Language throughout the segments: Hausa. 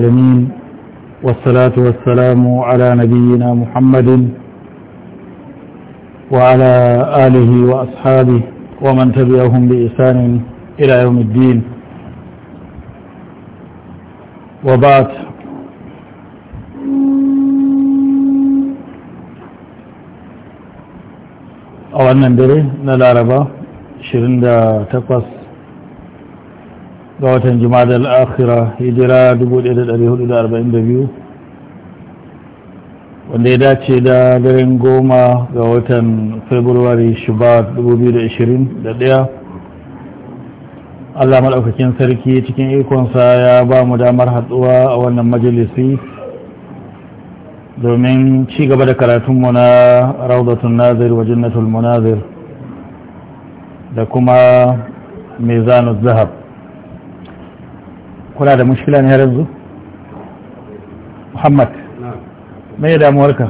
العالمين والصلاة والسلام على نبينا محمد وعلى آله وأصحابه ومن تبعهم بإحسان إلى يوم الدين وبعد أولا ندري شرندا تقص ga watan da al'akhira hijira 1442 wanda ya dace da daren goma ga watan februari shubat 2021 allah maɗaukakin sarki cikin ikonsa ya ba mu damar haɗuwa a wannan majalisi domin ci gaba da karatunmu na raudatun nazir wa jannatul munazir da kuma mezanus zahab kula da mushkila ne har yanzu muhammad me ya damuwarka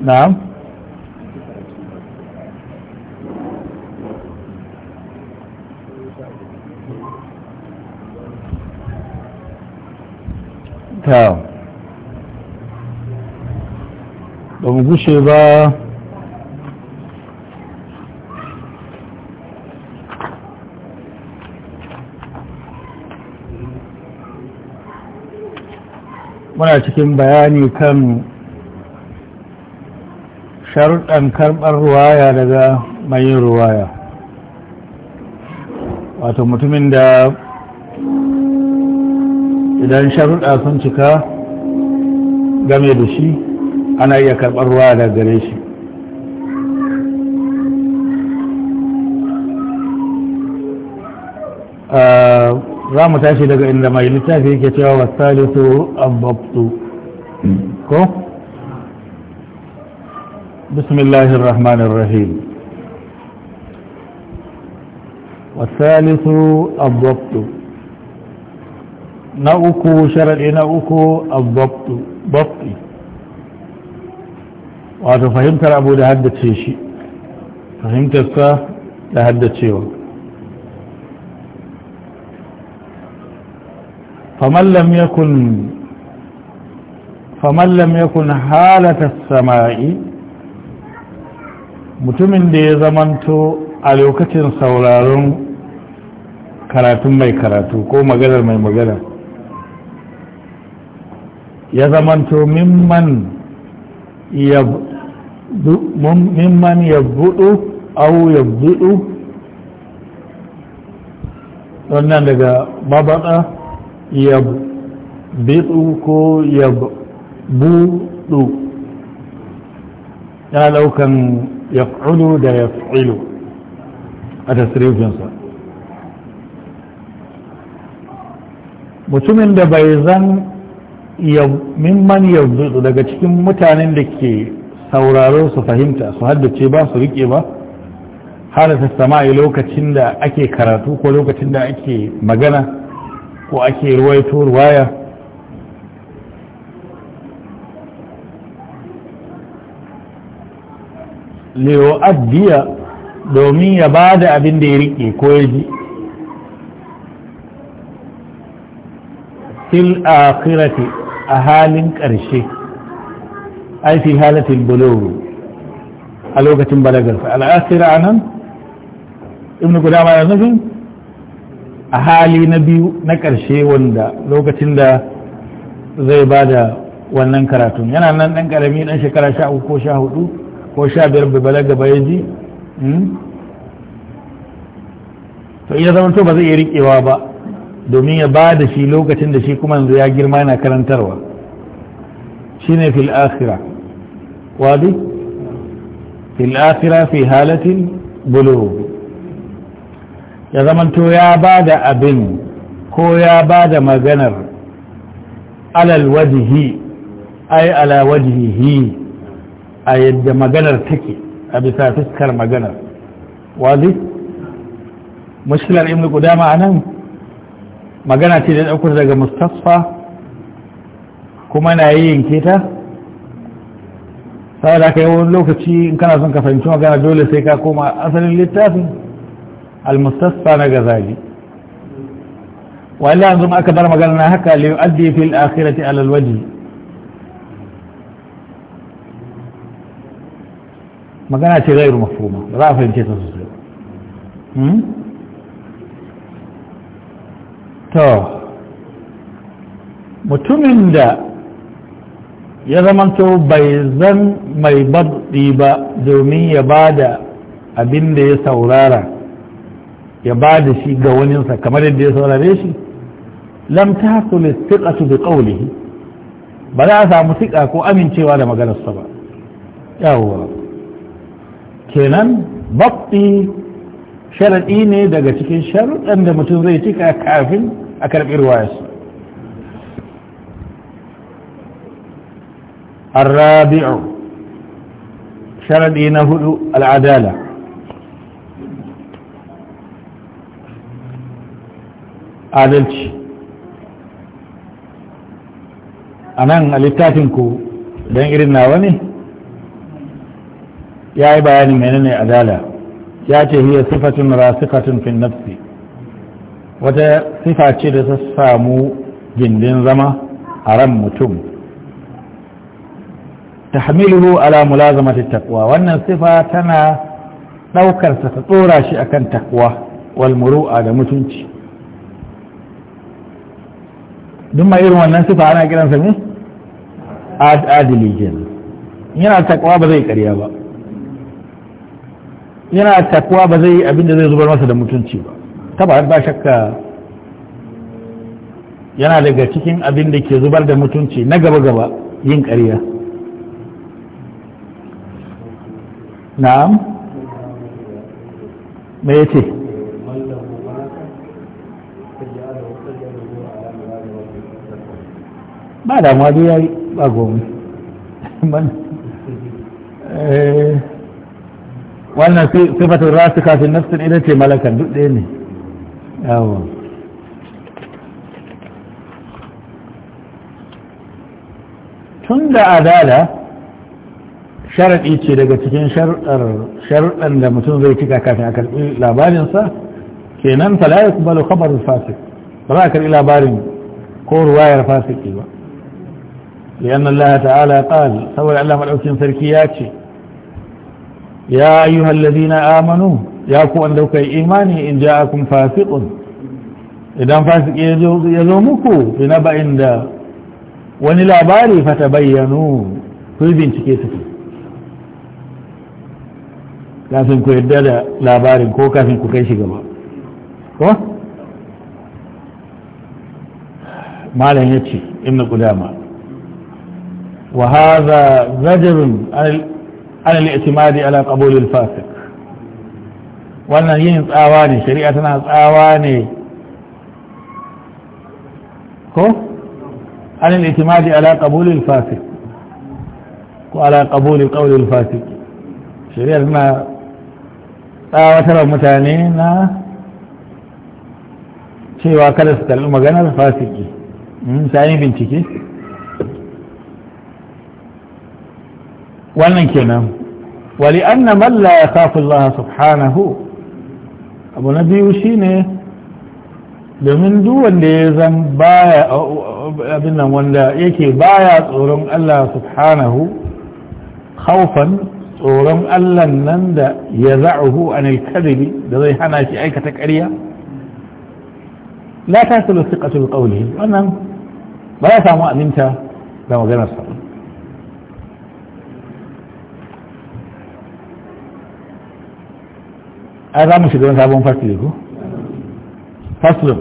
na'am ta ba mu gushe ba muna cikin bayani kan sharuɗan karɓar ruwaya daga mai ruwaya wato mutumin da idan sharuɗa sun cika game da shi ana iya karɓar ruwa daga gare shi a ah, za mu tashi daga inda mai littafi yake cewa wasalisu abbabtu ko bismillahir rahmanir rahim wasalisu abbabtu na uku sharadi na uku abbabtu babti wato fahimtar abu da haddace shi fahimtar ka da haddacewa faman lam yakun faman halata sama'i mutumin da ya zamanto a lokacin sauraron karatun mai karatu ko maganar mai magana ya zamanto mimman ya ya budu au ya budu wannan daga mabada yabbitu ko yabbudu ya laukan yaf'ulu da yaf'ilu a tasirifinsa mutumin da bai zan mimman yabbitu daga cikin mutanen da ke sauraro su fahimta su haddace ba su rike ba halatta sama'i lokacin da ake karatu ko lokacin da ake magana ko ake ruwaito ruwaya leo addiya domin ya ba da abin da ya rike ko ya ji fil akhirati a halin karshe ai fi halatin bulogu a lokacin balagarsa al'asira nan ibn gudama ya nufin a hali na biyu na ƙarshe wanda lokacin da zai ba da wannan karatun yana nan ɗan ƙarami ɗan shekara sha uku ko sha hudu ko sha biyar bai balaga ba ya ji hmm? to iya zama to ba zai iya riƙewa ba domin ya ba da shi lokacin da shi kuma yanzu ya girma yana karantarwa ne fil akhira wadi fil akhira fi halatin bulugh ya zamanto ya ba da abin ko ya ba da maganar alal wajihi ai ala wajihi a yadda maganar take a bisa fuskar maganar wazi mashilar ibn a anan magana ce da ɗaukar daga Mustapha. kuma na yi yanke ta sai da aka yi wani lokaci in kana son ka fahimci magana dole sai ka koma asalin littafin al na gazali wa'ila yanzu aka bar magana na haka liyu addi fil akhirati alal waji magana ce ba za a fahimce to mutumin da ya zamanto bai zan mai baɗi ba domin ya ba da abin da ya saurara ya ba da shi ga waninsa kamar yadda ya saurare shi lam tahsul istiqatu bi qawlihi ba za a samu tiƙa ko amincewa da maganarsa ba yawwa kenan bakti sharaɗi ne daga cikin sharuɗan da mutum zai cika kafin a karɓi sharaɗi الرابع شرط نهد العدالة adalci a nan a littafinku don irin nawa ne ya yi bayanin menene adala ya ce hiya sifatin rasikatin fin nafsi wata sifa ce da ta samu gindin zama a ran mutum ta hamilu ala mulazamati takwa wannan sifa tana ɗaukarsa ta tsora shi akan takwa walmuru'a da mutunci duk mai irin wannan sifa ana kiransa ne adili yana takwa ba zai karya ba yana takwa ba zai abin da zai zubar masa da mutunci ba Ta ba shakka yana daga cikin abin da ke zubar da mutunci na gaba-gaba yin karya na'am me ce? ba da dai ya yi ba gomi eh, wannan sifatun rasu kafin nafsin idan ce malakan duk ɗaya ne yawon tun da adala sharaɗi ce daga cikin sharaɗin da mutum zai cika kafin a karɓi labarinsa kenan fala ya kuma kwabar fasik ba za a karɓi labarin ko ruwayar fasik ba لأن الله تعالى قال سوى العلم العسين فركياتي يا أيها الذين آمنوا ياكو أن لوك إيماني إن جاءكم فاسق إذا فاسق يزومكو نبأ دا ونلا باري فتبينوا في بنتكيتكم kafin ku yadda da labarin ko kafin ku kai shi gaba ko malam ya ce inna kudama وهذا زجر على الاعتماد على قبول الفاسق wannan yin tsawa shari'a tana tsawa ko anil itimadi ala qabulil fasik ko ala qabulil qawlil fasik shari'a tana tsawatar mutane na cewa kada su kalli maganar fasiki bincike wannan kenan wali anna man la yakhafu Allah subhanahu abu na biyu shine domin duk wanda ya zan baya abin nan wanda yake baya tsoron Allah subhanahu khawfan tsoron Allah nan da ya za'uhu an al-kadhibi da zai hana shi aikata ƙarya la tasilu thiqatu bi qawlihi wannan ba ya samu aminta da maganarsa a za mu shiga wani sabon fasli ko faslun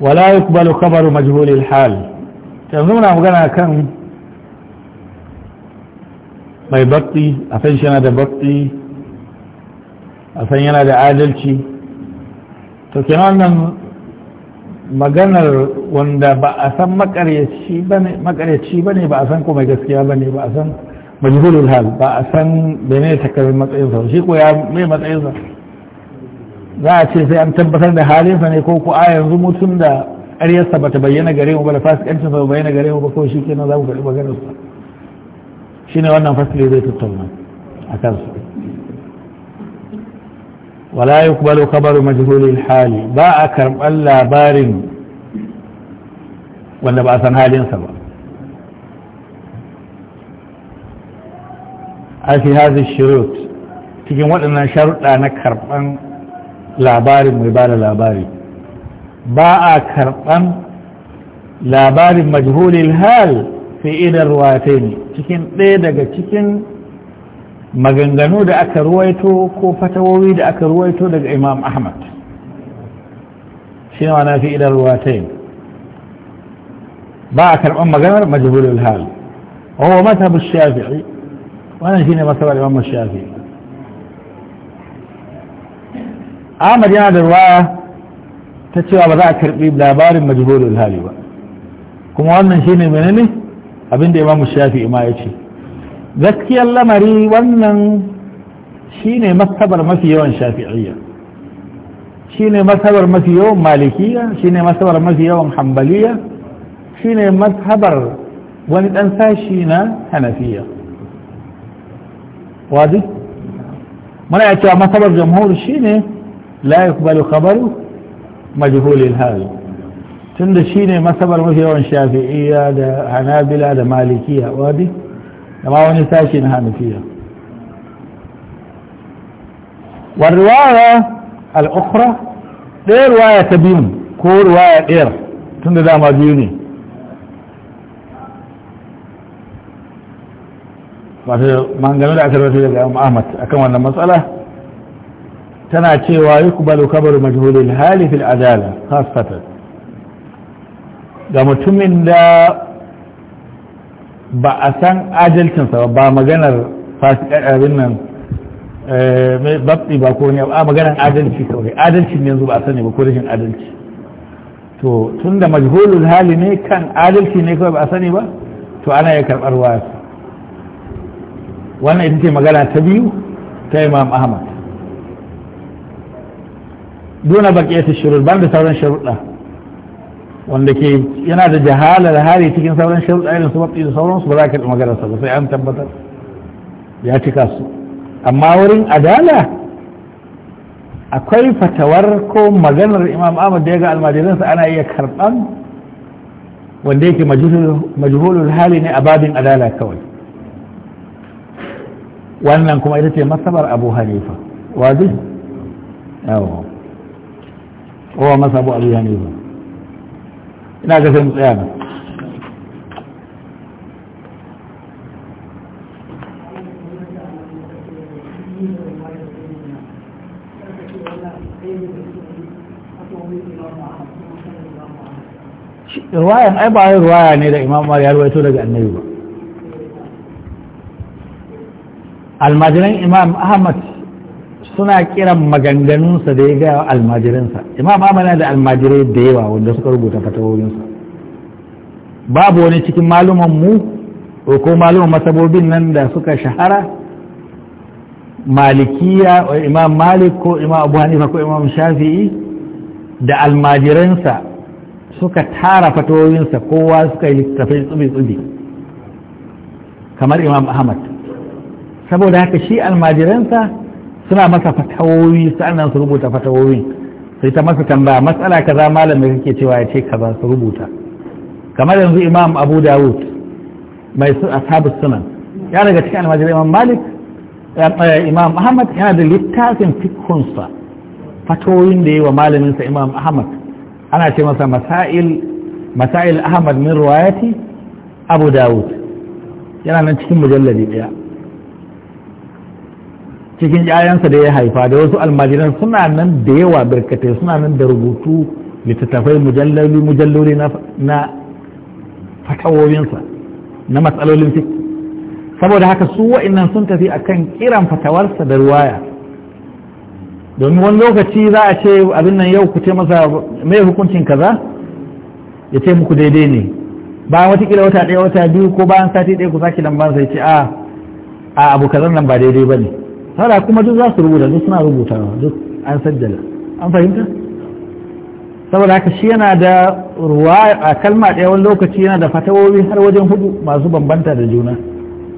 wala yuqbalu khabaru majhulil hal yanzu muna magana kan mai bakti a san shi yana da bakti a san yana da adalci to kenan nan maganar wanda ba a san makaryaci ba ne ba a san mai gaskiya ba ne ba a san majhulul hal ba a san bene ta kai matsayinsa shi ko ya mai matsayinsa za a ce sai an tabbatar da halinsa ne ko ku a yanzu mutum da ƙaryar sa bata bayyana gare mu ba da fasikancin sa bayyana gare mu ba ko shi kenan za mu karɓi maganar sa shine wannan fasili zai tattauna a su wala yuqbalu khabaru majhulil hali ba a karban labarin wanda ba a san halinsa ba fi hazi shirut cikin waɗannan sharuɗa na karɓan labarin mai ba da labari ba a karɓan labarin majhulil hal fi idan ruwate ne cikin ɗaya daga cikin maganganu da aka ruwaito ko fatawowi da aka ruwaito daga imam ahmad shi na fi idan ruwate ba a karɓan maganar majhulil hal wa mazhabin shafi'i wannan shine masabar imam shafi Ahmad yana da ruwa ta cewa ba za a karbi labarin majhulul hali ba kuma wannan shine menene abinda imam shafi ma ya ce gaskiyar lamari wannan shine masabar mafi yawan shafi'iyya shine masabar mafi yawan malikiya shine masabar mafi yawan hambaliya shine masabar wani dan sashi na hanafiya wajib muna ya cewa masabar jamhur shine la majihulil hali tun da tunda shine masabar mafi yawan shafi'iyya da hanabila da malikiya wadi da ma wani sashi na hanafiya والرواية al'ukura ɗaya ruwaya ta biyun ko ruwaya ɗaya tun da dama biyu ne masu mangano da aka rawaito daga Ahmad a kan wannan matsala tana cewa yuqbalu kabaru majhulil hali fil adala khassatan ga mutumin da ba a san adalcinsa ba maganar eh, abin nan eh, mai babbi ba ko ne a maganar adalci kawai adalcin yanzu ba a sani ba ko rashin adalci to tun da majhulul hali ne kan adalci ne kawai ba a sani ba to ana ya karɓar wasu wannan ita ce magana ta biyu ta imam ahmad duna baƙiyar shirur ban da sauran sharuɗa wanda ke yana da jahalar hari cikin sauran sharuɗa irin su baƙi da sauransu ba za ka magana sa ba sai an tabbatar ya cika su amma wurin adala akwai fatawar ko maganar imam ahmad da ya ga almajiransa ana iya karɓan wanda yake majhulul hali ne a babin adala kawai wannan kuma ita ce masabar abu hanifa wazi yawo kowa masabu abu hanifa ina ga sai mu tsaya nan ruwayan ai ba ruwaya ne da imam ya ruwaito daga annabi ba almajiran imam ahmad suna kiran maganganunsa da ya ga almajiransa imam ahmad da almajirai da yawa wanda suka rubuta fatawoyinsa babu wani cikin maluman mu ko maluman masabobin nan da suka shahara malikiya imam malik ko imam abu hanifa ko imam shafi'i da almajiransa suka tara fatawoyinsa kowa suka yi tafi tsubi-tsubi kamar imam ahmad saboda haka shi almajiransa suna masa fatawoyi sa'annan su rubuta fatawoyin sai ta masa tambaya matsala kaza malam da kake cewa ya ce kaza su rubuta kamar yanzu imam abu dawud mai su ashabu sunan ya daga cikin almajirai imam malik eh, imam ahmad yana da littafin fikhunsa fatoyin da yi wa malaminsa imam ahmad ana ce masa masail masail ahmad min ruwayati abu dawud yana nan cikin mujalladi daya cikin ƴaƴansa da ya haifa da wasu almajiran suna nan da yawa birkatai suna nan da rubutu littattafai mujallali mujalloli na fatawoyinsa na matsalolin fik saboda haka su wa'innan sun tafi akan kiran fatawarsa da ruwaya domin wani lokaci za a ce abin nan yau ku ce masa mai hukuncin kaza ya ce muku daidai ne ba wata kila wata ɗaya wata biyu ko bayan sati ɗaya ku sake lambar sai ce ah, a abu kazan nan ba daidai ba ne fara kuma duk za su rubuta duk suna rubutawa duk an sajjala an fahimta saboda haka shi yana da ruwa a kalma ɗaya wani lokaci yana da fatawowi har wajen hudu masu bambanta da juna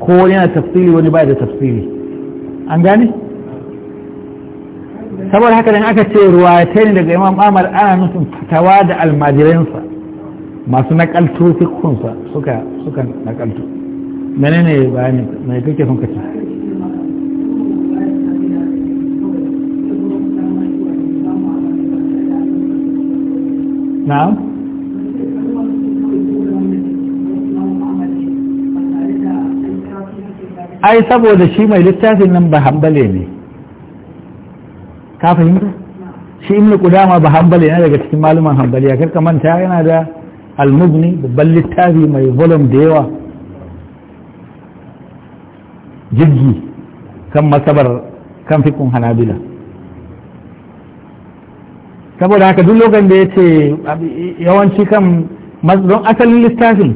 ko wani yana tafsiri wani ba da tafsiri an gane saboda haka dan aka ce ruwa ta ne daga imam amal ana nufin fatawa da almajiransa masu nakalto fikunsa suka suka nakalto menene bayani mai kake son ce ai saboda shi mai littafin nan ba hambale ne ka fahimta shi ibnu qudama ba hambale ne daga cikin maluman hambaliya kar ka manta yana da al babban littafi mai volume da yawa jirgi kan masabar kan fikun hanabila saboda haka duk lokacin da ya ce yawanci kan don asalin littafin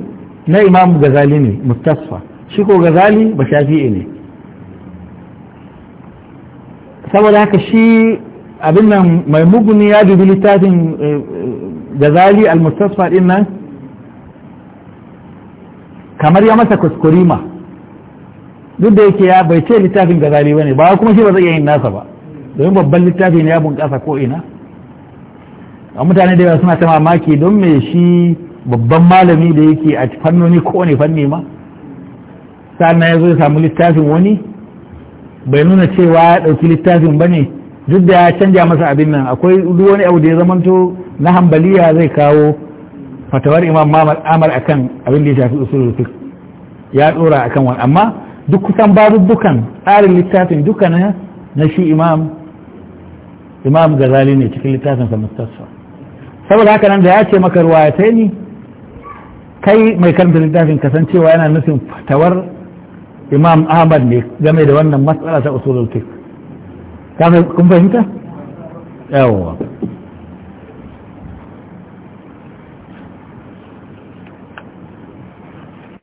na imam gazali ne mustasfa shi ko gazali ba shafi'i ne saboda haka shi abin nan mai muguni ya dubi littafin eh, eh, gazali al-mustasfa din nan kamar ya masa kuskurima duk da yake ya bai ce littafin gazali bane ba kuma shi ba zai yin nasa ba domin babban littafi ne ya bunƙasa ko ina a mutane da yawa suna ta mamaki don me shi babban malami da yake a fannoni ko kowane fanni ma sannan ya zo ya samu littafin wani bai nuna cewa ya ɗauki littafin ba ne duk da ya canja masa abin nan akwai duk wani abu da ya zamanto na hambaliya zai kawo fatawar imam mamar amar akan abin da ya shafi usul ya dora akan wani amma duk kusan babubukan tsarin littafin dukkan na shi imam imam gazali ne cikin littafin sa mustasfa saboda haka nan da ya ce maka ruwayatai ne kai mai karanta littafin kasancewa yana nufin fatawar imam ahmad ne game da wannan matsala ta usulul fiqh kun fahimta